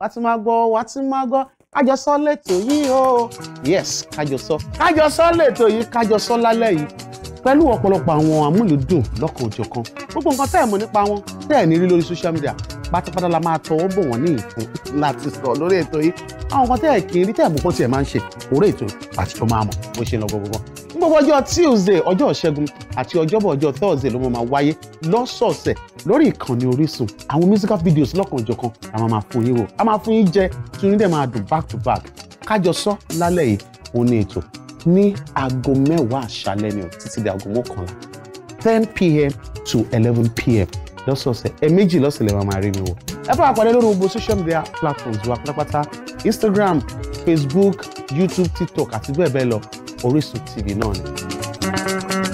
wá ti máa gbọ́ wá ti máa gbọ́ kájọsọ lẹ́tọ̀ yìí o yes kájọsọ kájọsọ lẹ́tọ̀ yìí kájọsọ lálẹ́ yìí pẹ̀lú ọ̀pọ̀lọpọ̀ àwọn amúlùdùn lọ́kàn òjọ̀kan gbogbo nǹkan tẹ́ ẹ̀ mọ̀ nípa wọn tẹ́ ẹ̀ ní rí lórí social media pátápátá la máa tọwọ́ bọ̀ wọ́n ní ìfún láti sọ lórí ètò yìí àwọn nǹkan tẹ́ ẹ̀ kì í rí tẹ́ ẹ̀ mọ̀ kó tiẹ̀ máa ń ṣe òré ètò àtijọ́ máa mọ̀ bó ṣe lọ gbogbo gbogbo ọjọ́ tuesday ọjọ́ ìṣẹ́gun àti ọjọ́bọ̀ ọjọ́ thursday ló máa wáyé lọ́sọ̀ọ̀sẹ̀ lórí ìkànnì orísun àwọn musical videos lọ́kànjọ̀kan la máa fún yín wò a máa fún yín jẹ tún dẹ̀ máa dùn back to back kájọ sọ lálẹ́ yìí òun ni ètò ní aago mẹ́wàá àṣálẹ́ ni o títí di aago mọ́kànlá ten pm to eleven pm lọ́sọ̀ọ̀sẹ̀ ẹ̀ẹ̀mejì lọ́sẹ̀ lè máa rí mi wò ẹ fún àpàdé lórí gbogbo social media platforms wa pátápátá instagram facebook youtube tiktok àti bẹ́ẹ̀ bẹ́ẹ̀ lọ Orísun TV náà ni.